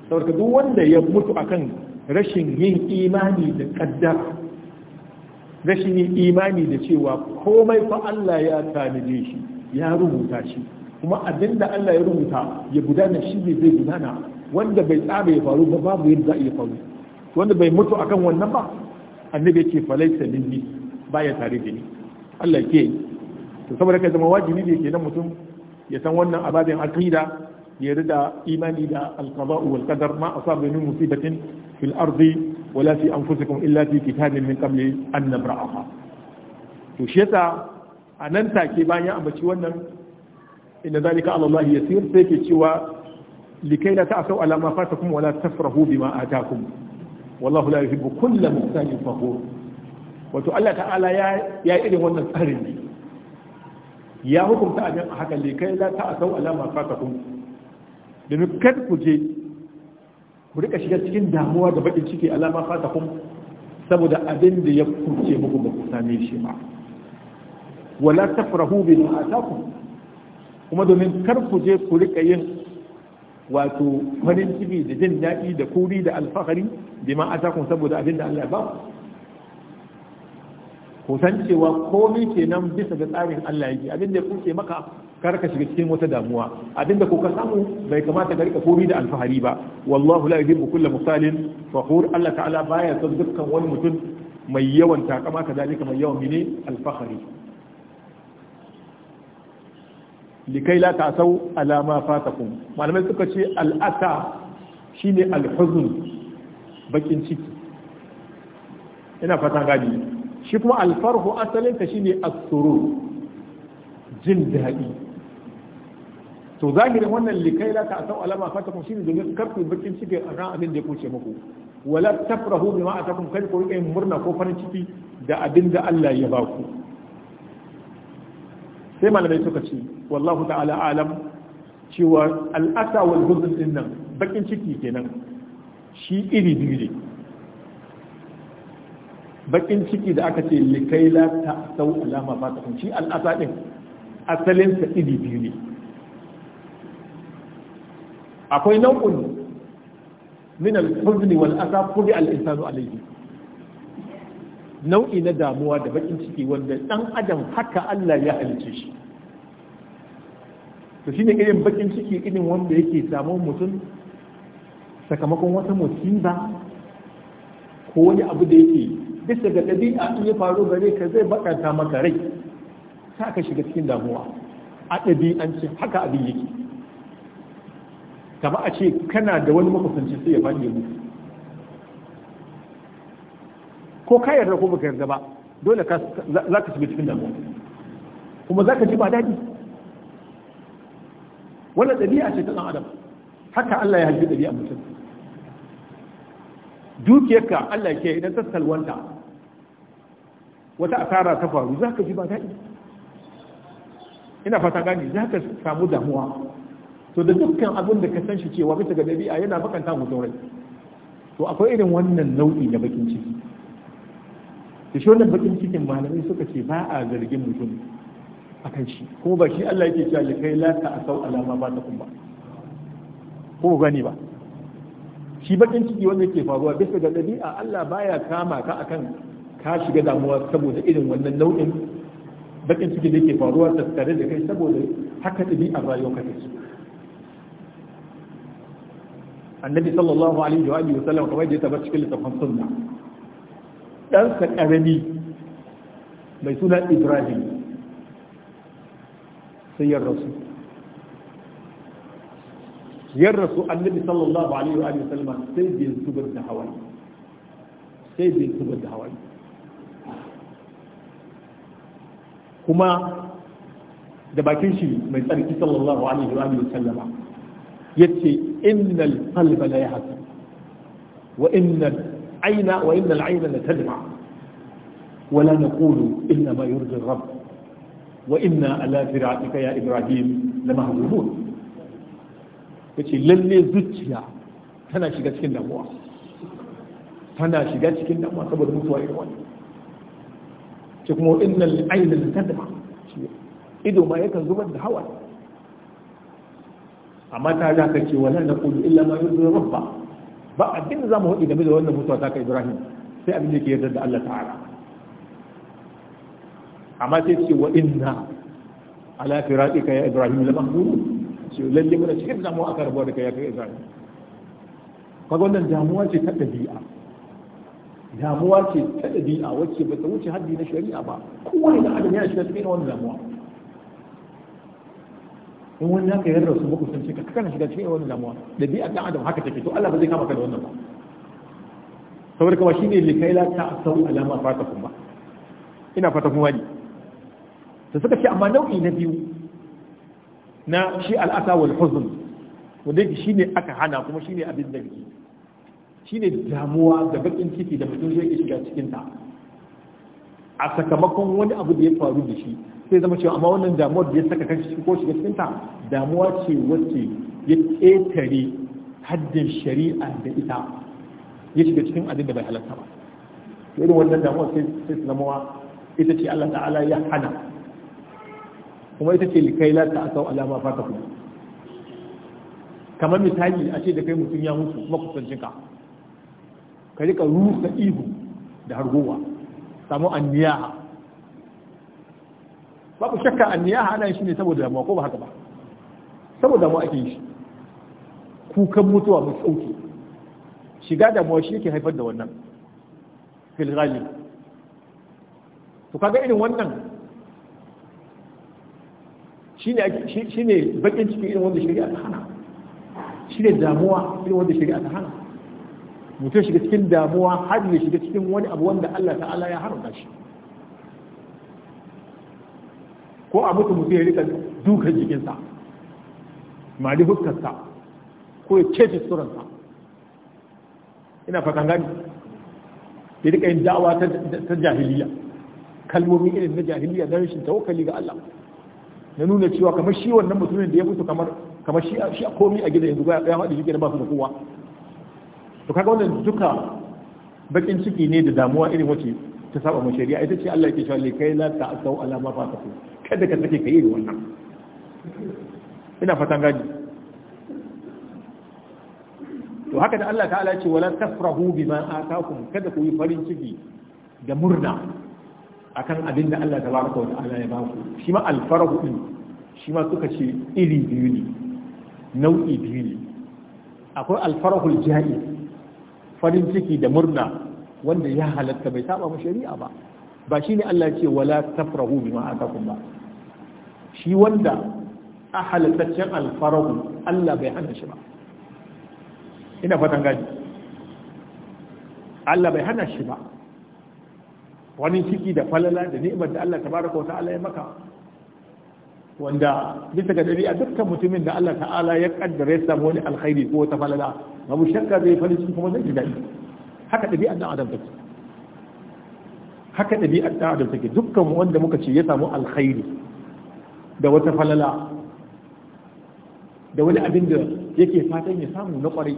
saboda duk wanda ya mutu akan rashin yin imani da kaddara rashin yin imani da cewa komai fa Allah ya tanije shi ya rubuta shi kuma abinda Allah ya rubuta ya gudana shi ne zai gudana wanda bai tsara ya faru ba babu yadda ya faru wanda bai mutu akan wannan ba annabi yake falaita ba ya tare da ni Allah ke to saboda kai zama wajibi ne kenan mutum ya san wannan ababin aqida ya rida imani da alqada'u wal qadar ma asaba min musibatin fil ardi wala fi anfusikum illa fi kitabin min qabli an nabra'aha to shi yasa a nan take bayan ambaci wannan inda zalika ala Allah yasir sai ke cewa likai la ta'asau ala ma fatakum wala tafrahu bima atakum wallahu la yuhibbu kulla muhtajin fakhur wato Allah ta'ala ya ya irin wannan tsarin ne ya hukunta abin a haka ne kai la sau alama fata fatakum domin kar ku je ku rika shiga cikin damuwa da bakin ciki alama fata fatakum saboda abin da ya kuce muku ba ku same shi ba wala tafrahu bi ma atakum kuma domin kar ku je ku rika yin wato farin ciki da jin daɗi da kuri da alfahari bi ma saboda abin da Allah ya ba ku kusan cewa komai nan bisa ga tsarin Allah yake abinda kuke maka karka shiga cikin wata damuwa abinda ko ka samu bai kamata ka rika komai da alfahari ba wallahu la yuhibbu kulla musalin fakhur Allah ta'ala baya son dukkan wani mutum mai yawan takama kadalika mai yawan mine alfahari likai la ta'sau ala ma fatakum malamai suka ce al'asa shine alhuzn bakin ciki ina fatan gadi shi kuma alfarhu asalinta shine ne surur jin daɗi to zahirin wannan likai a sau alama fatakum shine domin karku bakin cikin akan abin da ya kuce maku, wala tafrahu bima atakum kai ko yin murna ko farin ciki da abin da Allah ya ba ku sai malamai suka ce wallahu ta'ala alam cewa al'asa wal huzn din bakin ciki kenan shi iri biyu ne bakin ciki da aka ce likaila ta sau alama ba ta kunci al'asa ɗin asalin sa iri biyu ne akwai nau'un min al-huzni wal asa kudi al-insanu alayhi nau'i na damuwa da bakin ciki wanda dan adam haka Allah ya halice shi to shine irin bakin ciki irin wanda yake samun mutum sakamakon wata musiba ko wani abu da yake bisa ga ɗabi'a in ya faru gare ka zai bakanta maka rai sa ka shiga cikin damuwa a ɗabi'ancin haka abin yake kama a ce kana da wani makusanci sai ya faɗi mu ko ka yarda ko baka yarda ba dole za ka shiga cikin damuwa kuma za ka ji ba daɗi wannan ɗabi'a ce ta ɗan adam haka Allah ya halitta ɗabi'a mutum dukiyarka Allah ke idan ta salwanta wata asara ta faru za ka ji ba daɗi ina fata gani za ka samu damuwa to da dukkan abin da ka san shi cewa bisa ga dabi'a yana bakanta mutum rai to akwai irin wannan nau'i na bakin ciki da shi wannan bakin cikin malamai suka ce ba a zargin mutum akan shi kuma ba shi Allah yake cewa kai la ta asau alama ba ta kuma ko gani ba shi bakin ciki wanda yake faruwa bisa ga dabi'a Allah baya kama ka akan ka shiga damuwa saboda irin wannan nau'in bakin ciki da ke faruwa tattare da kai saboda haka ɗabi'ar rayuwar ka su annabi sallallahu alaihi wa alihi wa wasallam kamar da ta cikin littafin sunna dan sa karami mai suna Ibrahim sai ya rasu ya rasu annabi sallallahu alaihi wa alihi wa sallam sai bin zubar da hawaye sai bin zubar da hawaye kuma da bakin shi mai tsarki sallallahu alaihi wa sallama yace innal qalba la yahzan wa innal ayna wa innal ayna la tadma wa la naqulu inna ma yurdi rabb wa inna ala fir'atika ya ibrahim lamahzunun yace lalle zuciya tana shiga cikin damuwa tana shiga cikin damuwa saboda mutuwa irin wannan ce kuma innal ayna kadma ido ma yakan zubar da hawa amma ta da kace wala na kullu illa ma yurdi rabba ba abin za mu hudi game da wannan mutuwa ta ka Ibrahim sai abin da ke yarda da Allah ta'ala amma sai ce wa inna ala firaqika ya Ibrahim la mahzunun ce lalle muna cikin mu aka rabuwa da kai ya kai Ibrahim kaga wannan damuwa ce ta dabi'a damuwa ce ta ɗabi'a wacce ba ta wuce haddi na shari'a ba kowane da adam yana shiga cikin wani damuwa in wani naka yarda su makusanci ka kana shiga cikin wani damuwa ɗabi'a ɗan adam haka take to Allah ba zai kama ka da wannan ba saboda kawai shine likaila ta sau alama fata kuma ina fata kuma ne ta suka ce amma nau'i na biyu na shi al'asa wal huzn wanda yake shine aka hana kuma shine abin da yake shine damuwa da bakin ciki da mutum zai shiga cikin ta a sakamakon wani abu da ya faru da shi sai zama cewa amma wannan damuwa da ya saka shi ko shiga cikin ta damuwa ce wacce ya ƙetare haddin shari'a da ita ya shiga cikin abin da bai halatta ba irin wannan damuwa sai sai zama ita ce Allah ta'ala ya hana kuma ita ce likai la ta asau alama ta kuma kamar misali a ce da kai mutum ya mutu makusancin ka ka rika rusa ihu da harguwa samu anniyaha babu shakka anniyaha ana shi ne saboda damuwa ko ba haka ba saboda damuwa ake shi kukan mutuwa mai sauki shiga damuwa shi yake haifar da wannan fil ghalib to kaga irin wannan shine shine bakin cikin irin wanda shari'a ta hana shine damuwa irin wanda shari'a ta hana mutum shiga cikin damuwa har ya shiga cikin wani abu wanda Allah ta'ala ya haramta shi ko a mutu mutum ya rika dukan jikinsa mali huskarsa ko ya cece suransa ina fatan gani ya rika yin da'awa ta jahiliya kalmomi irin na jahiliya don rashin tawakali ga Allah na nuna cewa kamar shi wannan mutumin da ya mutu kamar kamar shi a komi a gida yanzu ya faɗi shi ba su da kowa to kaga wannan duka bakin ciki ne da damuwa irin wace ta saba mu shari'a ita ce Allah yake cewa le kai la asau ala ma fataku kada ka sake kai irin wannan ina fatan gani to haka da Allah ta'ala ce wala tafrahu bima atakum kada ku yi farin ciki da murna akan abin da Allah tabaraka wa ta'ala ya ba ku shi ma alfarahu din shi ma suka ce iri biyu ne nau'i biyu ne akwai alfarahul jaiz farin ciki da murna wanda ya halatta bai saba mu shari'a ba ba shine Allah ce wala tafrahu bima atakum ba shi wanda a halattaccen alfarahu Allah bai hana shi ba ina fatan gaji Allah bai hana shi ba wani ciki da falala da ni'imar da Allah tabaraka wa ta'ala ya maka wanda bisa ga dari a dukkan mutumin da Allah ta'ala ya kaddare samu wani alkhairi ko ta falala babu shakka zai farin ciki kuma zai ji daɗi haka ɗabi'a ɗan adam take haka ɗabi'a ɗan adam take dukkan wanda muka ce ya samu alkhairi da wata falala da wani abin da yake fatan ya samu na kwarai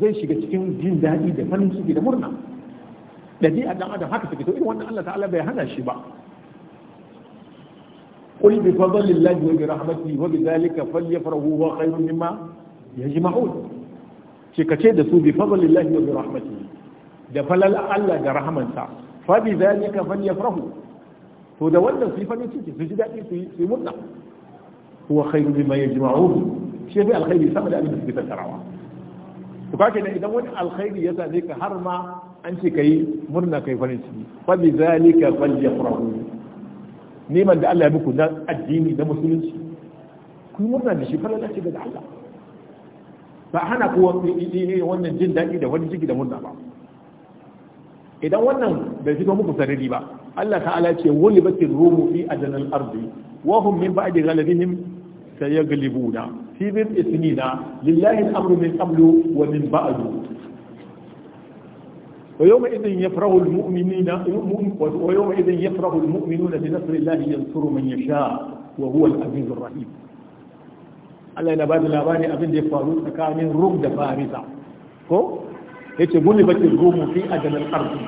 zai shiga cikin jin daɗi da farin ciki da murna Ɗabi'a ɗan adam haka take to irin wannan Allah ta'ala bai hana shi ba قل بفضل الله وبرحمته وبذلك فليفرحوا هو خير مما يجمعون ce ka ce da su bi fadlillahi wa bi rahmatihi da falal Allah da rahamansa fa bi zalika falyafrahu to da wannan su yi farin ciki su ji daɗi su yi murna huwa khairu bima yajma'uhu shi fi alkhairi sama da abin da tarawa tattarawa to kake ne idan wani alkhairi ya same ka har ma an ce kai murna kai farin ciki fa bi zalika falyafrahu neman da Allah ya muku na addini da musulunci ku murna da shi falala ce da Allah ba hana ku wannan jin daɗi da wani ciki da murna ba idan wannan bai fito muku sarari ba Allah ta'ala ce wani bakin rumu fi adanal ardi wa hum min ba'di ghalabihim sayaglibuna fi bin isnina lillahi al-amru min qablu wa min ba'du ويوم إذن يفرح المؤمنين ويوم إذن يفرح المؤمنون بنصر الله ينصر من يشاء وهو العزيز الرحيم Allah yana bada labari abin da ya faru tsakanin Rum da Farisa ko yace guni baki rumu fi al ardi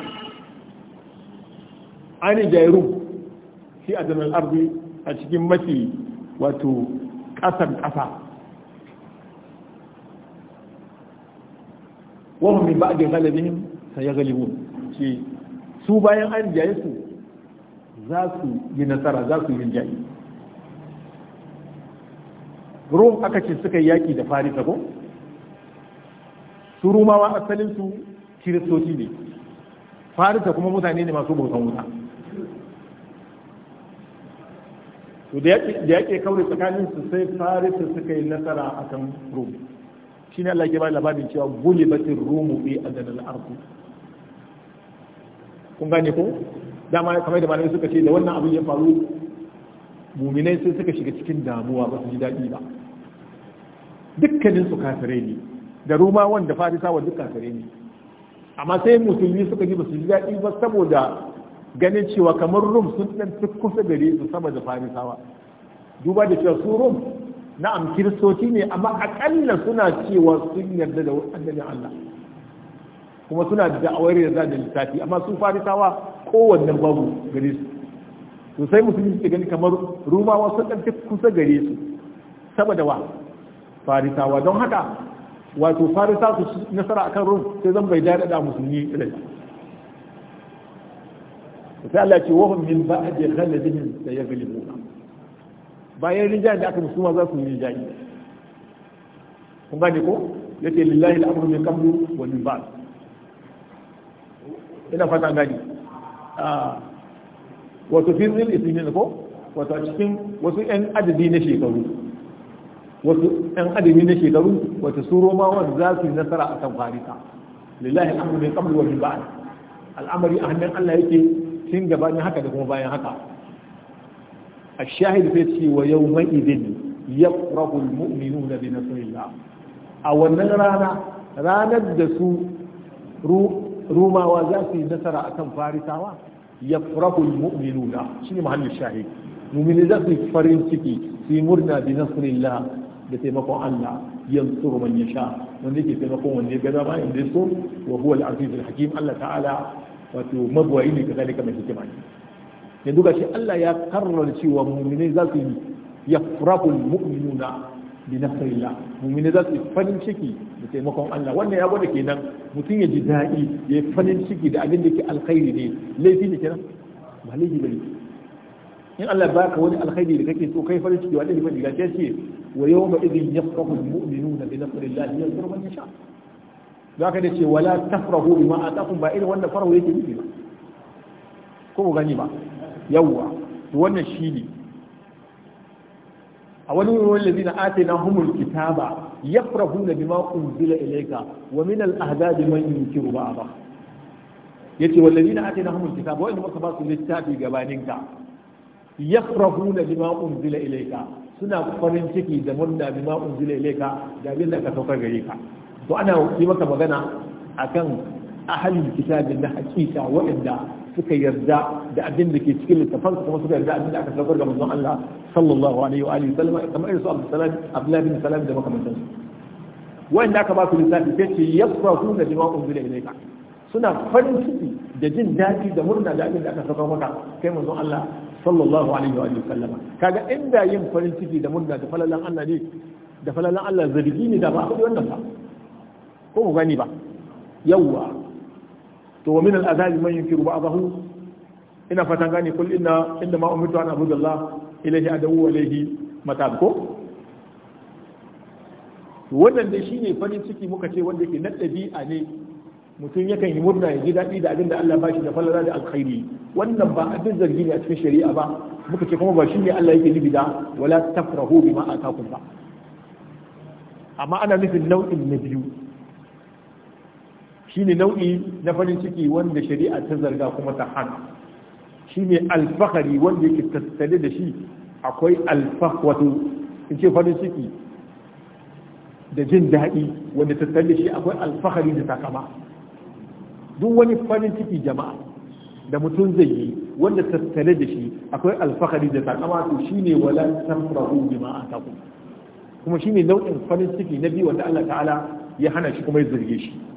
ani jairu fi al ardi a cikin mafi wato kasan ƙasa, wa hum min ba'di ghalibihim sayaghlibun ce su bayan an jaye su za su yi nasara za su yi jayi rom aka ce suka yaƙi da farisa ko su rumawa asalin su kiristoci ne farisa kuma mutane ne masu bautan wuta to da yake kaure tsakanin su sai farisa suka yi nasara akan shi ne Allah ke ba labarin cewa batin romu bi adana al-ardu kun gane ko dama kamar da malami suka ce da wannan abin ya faru muminai sai suka shiga cikin damuwa ba su ji daɗi ba dukkanin su kafirai ne da rumawan da farisawa duk kafirai ne amma sai musulmi suka ji ba su ji daɗi ba saboda ganin cewa kamar rum sun ɗan dan kusa gare su sama da farisawa duba da cewa su rum na'am kiristoci ne amma akalla suna cewa sun yarda da annabin Allah kuma suna da da'awar yanzu da littafi amma su farisawa kowannen babu gare su to sai musulmi suke gani kamar rumawa sun ɗan kusa gare su saboda wa farisawa don haka wato farisa su nasara a kan rum sai zan bai daɗaɗa musulmi rai sai Allah ce wahum min ya ghalabihim sayaglibuna bayan rijal da aka musulma za su yi rijali kun gane ko yace lillahi al-amru min qablu wa min ba, ina fata gani ah. wato fi zil isinin ko wato a cikin wasu yan adadi na shekaru wasu yan adadi na shekaru wato su romawan za su yi nasara a kan farisa lillahi al'amru ne qabl wa min al'amari a hannun Allah yake gaba gabanin haka da kuma bayan haka الشاهد في ويوم A wannan rana, ranar da su rumawa za su yi nasara نصر أكم farisawa? yafrahu shi shine mahallin shahid mu'mini za su yi farin ciki su yi murna bi nasrillah da taimakon Allah yansuru man sha wanda yake taimakon wanda ya gada bayan da so wa huwa al-aziz al-hakim Allah ta'ala wato mabwayi ne kazalika mai hikima ne yanzu Allah ya karrar cewa mu'minai za su yi yafrahu bi nafsillah mu'mini za su farin ciki da taimakon Allah wannan ya gwada kenan mutum ya ji daɗi ya farin ciki da abin da ke alkhairi ne laifi ne kenan ba laifi bane in Allah ba ka wani alkhairi da kake so kai farin ciki wa laifi bane ga ta ce wa yawma idhin yafrahu na, bi nafsillah yanzuru man sha. za ka da ce wala tafrahu bima atakum ba irin wannan farahu yake nufi ba ko gani ba yawwa wannan shi ne a wani wurin ladina atina humul kitaba yafrahuna bima unzila ilayka wa min al ahzabi man yunkiru ba'dha yace wal ladina atina humul kitaba wa in muka ba su littafi gabaninka na bima unzila ilayka suna farin ciki da wanda bima unzila ilayka da abin da ka saukar gare ka to ana yi maka magana akan ahalin kitabin na hakika waɗanda suka yarda da abin da ke cikin littafan kuma suka yarda abin da aka saukar ga manzon Allah sallallahu alaihi wa alihi sallama kamar irin su Abdulsalam bin Salam da makamantansu wanda aka ba su lissafi sai ce yafrahu da bima unzila ilayka suna farin ciki da jin daɗi da murna da abin da aka saukar maka kai manzon Allah sallallahu alaihi wa alihi sallama kaga inda yin farin ciki da murna da falalan Allah ne da falalan Allah zargi ne da ba a wannan ba ko mu gani ba yawwa to wa min al'azabi man yunkiru ba'dahu ina fatan gane kul inna inda ma umitu an abudu Allah ilaihi adawu wa ilaihi matab ko wannan dai shine farin ciki muka ce wanda ke na ɗabi'a ne mutum yakan yi murna ya ji daɗi da abin da Allah ba shi da falala da alkhairi wannan ba abin zargi ne a cikin shari'a ba muka ce kuma ba shi ne Allah yake nufi da wala tafrahu bima atakum ba amma ana nufin nau'in na biyu shine nau'i na farin ciki wanda shari'a ta zarga kuma ta hana shine alfahari wanda yake tattale da shi akwai alfah wato in ce farin ciki da jin daɗi wanda tattale da shi akwai alfahari da takama duk wani farin ciki jama'a da mutum zai yi wanda tattale da shi akwai alfahari da takama to shine wala tamrahu bima atakum kuma shine nau'in farin ciki na biyu wanda Allah ta'ala ya hana shi kuma ya zarge shi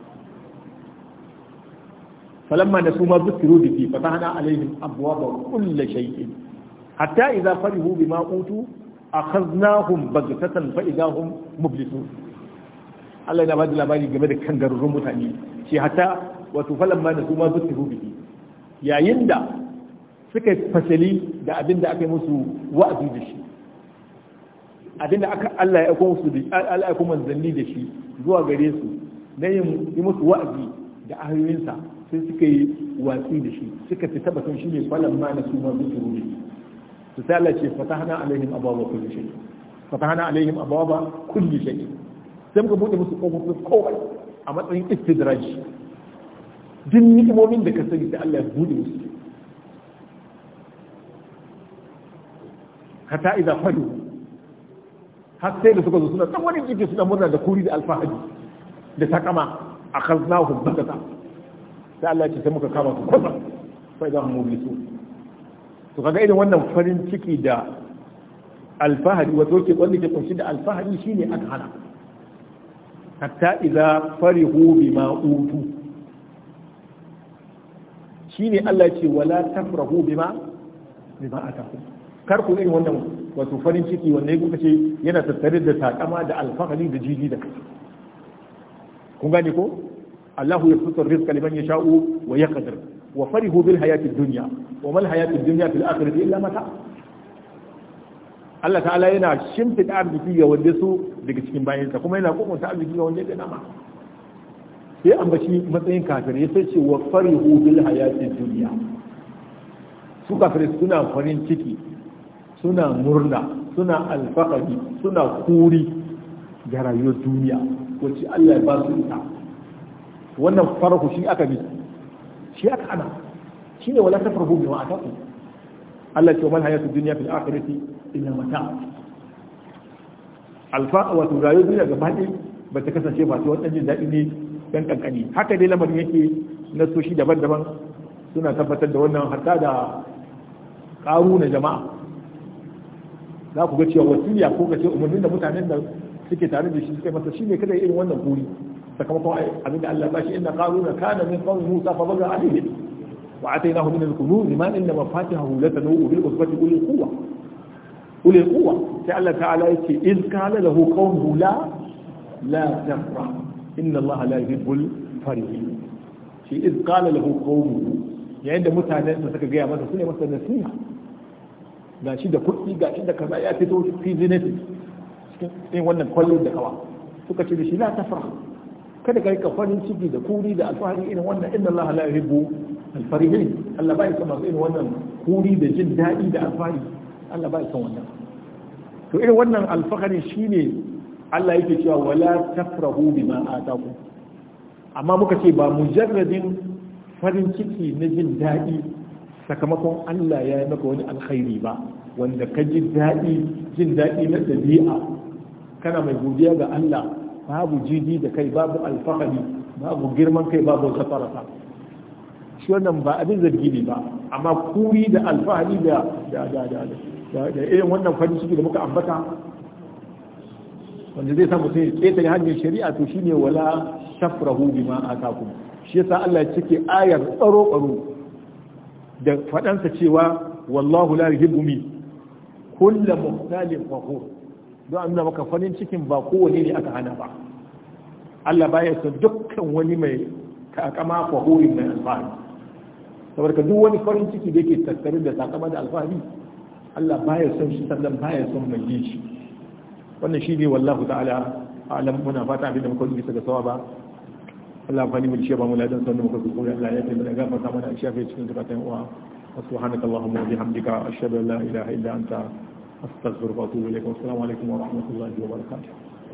falamma nasu ma zukiru bihi fatahna alaihim abwaaba kulli shay'in hatta idza farihu bima utu akhaznahum baghtatan fa idza hum Allah yana bada labari game da kangarurrun mutane ce hatta wato falamma nasu ma zukiru bihi yayin da suka fasali da abin da aka yi musu wa'azi da shi abin da aka Allah ya aiko musu da Allah ya aiko manzanni da shi zuwa gare su na yi musu wa'azi da ayoyinsa sai suka yi watsi da shi suka fita batun shi ne falan ma na su ma rumi su to sai Allah ce fatahna alaihim abwaba kulli shay fatahna alaihim abwaba kulli shay sai muka bude musu kofofin kowai a matsayin istidraj duk ni'imomin da ka sani sai Allah ya bude musu hatta idza fadu har sai da suka zo suna tsawonin jiki suna murna da kuri da alfahari da takama a kaznahu bakata sai Allah ce sai muka kama su kwasa sai za mu mublisu to kaga irin wannan farin ciki da alfahari wato ke wanda ke kunshi da alfahari shine aka hana hatta idza farihu bima utu shine Allah ce wala tafrahu bima bima ataku kar ku irin wannan wato farin ciki wanda ya kuka ce yana tattare da takama da alfahari da jiji da kun gane ko Allahu yabsutu rizqa liman yasha'u wa yaqdir wa farihu bil hayati dunya wa mal hayati dunya fil akhirati illa mata Allah ta'ala yana shimfida arziki ga wanda su daga cikin bayansa kuma yana kokunta arziki ga wanda ya dama sai ambaci matsayin sai wa hayati su kafirai suna farin ciki suna murna suna alfahari suna kuri ga rayuwar duniya wacce Allah ya ba su ita wannan farahu shi aka bi shi aka ana shi ne wala tafrahu bi wa ataku Allah ce man hayatu dunya fil akhirati illa mata alfa wa turayu duniya gaba ɗaya ba ta kasance ba ta wannan jin daɗi ne dan kankani haka dai lamarin yake na soshi daban-daban suna tabbatar da wannan hatta da ƙaru na jama'a za ku ga cewa wasiya ko ka ce umarnin da mutanen da suke tare da shi suka masa ne kada irin wannan buri فكما طائف أمين الله ماشي إن قارون كان من قوم موسى فضل عليهم وعتيناه من الكنوز ما إن وفاته لتنوء بالعثبة أولي القوة أولي القوة سأل تعالى إذ قال له قومه لا لا تفرح إن الله لا يحب الفرحين إذ قال له قومه يعني عند موسى نسك جاء ماذا سنة موسى نسيها ga shi da kuɗi ga shi da kaza ya fito fi zinafi cikin wannan kwallon da kawa suka ce da shi la ta fara kada ka ka farin ciki da kuri da alfahari irin wannan inna Allah la yuhibbu alfarihin Allah bai san masu irin wannan kuri da jin daɗi da alfahari Allah bai san wannan to irin wannan alfahari shine Allah yake cewa wala tafrahu bima ataku amma muka ce ba mujarradin farin ciki na jin daɗi sakamakon Allah ya yi maka wani alkhairi ba wanda ka ji daɗi jin daɗi na ɗabi'a kana mai godiya ga Allah babu jiji da kai babu alfahari babu girman kai babu wata farafa shi wannan ba abin zargi ne ba amma kuri da alfahari da da da da da irin wannan farin ciki da muka ambata wanda zai samu sai ƙetare hanyar shari'a to shine wala tafrahu bima atakum shi yasa Allah ya cike ayar tsaro tsaro da fadansa cewa wallahu la yuhibbu mi kullu muhtalin fakhur don an maka farin cikin ba kowane ne aka hana ba Allah baya son dukkan wani mai kakama ko hurin mai alfahari saboda ka duk wani farin ciki da yake tattare da sakama da alfahari Allah baya son shi sannan baya son mai yi shi wannan shi ne wallahu ta'ala alam muna fata abin da muka daga ga sawaba Allah amfani mu da shi ba mu ladan sannan muka kuskure Allah ya taimaka gafarta mana a shafe cikin zakatan uwa subhanakallahumma wa bihamdika ashhadu an la ilaha illa anta أستغفرك وأتوب إليكم والسلام عليكم ورحمة الله وبركاته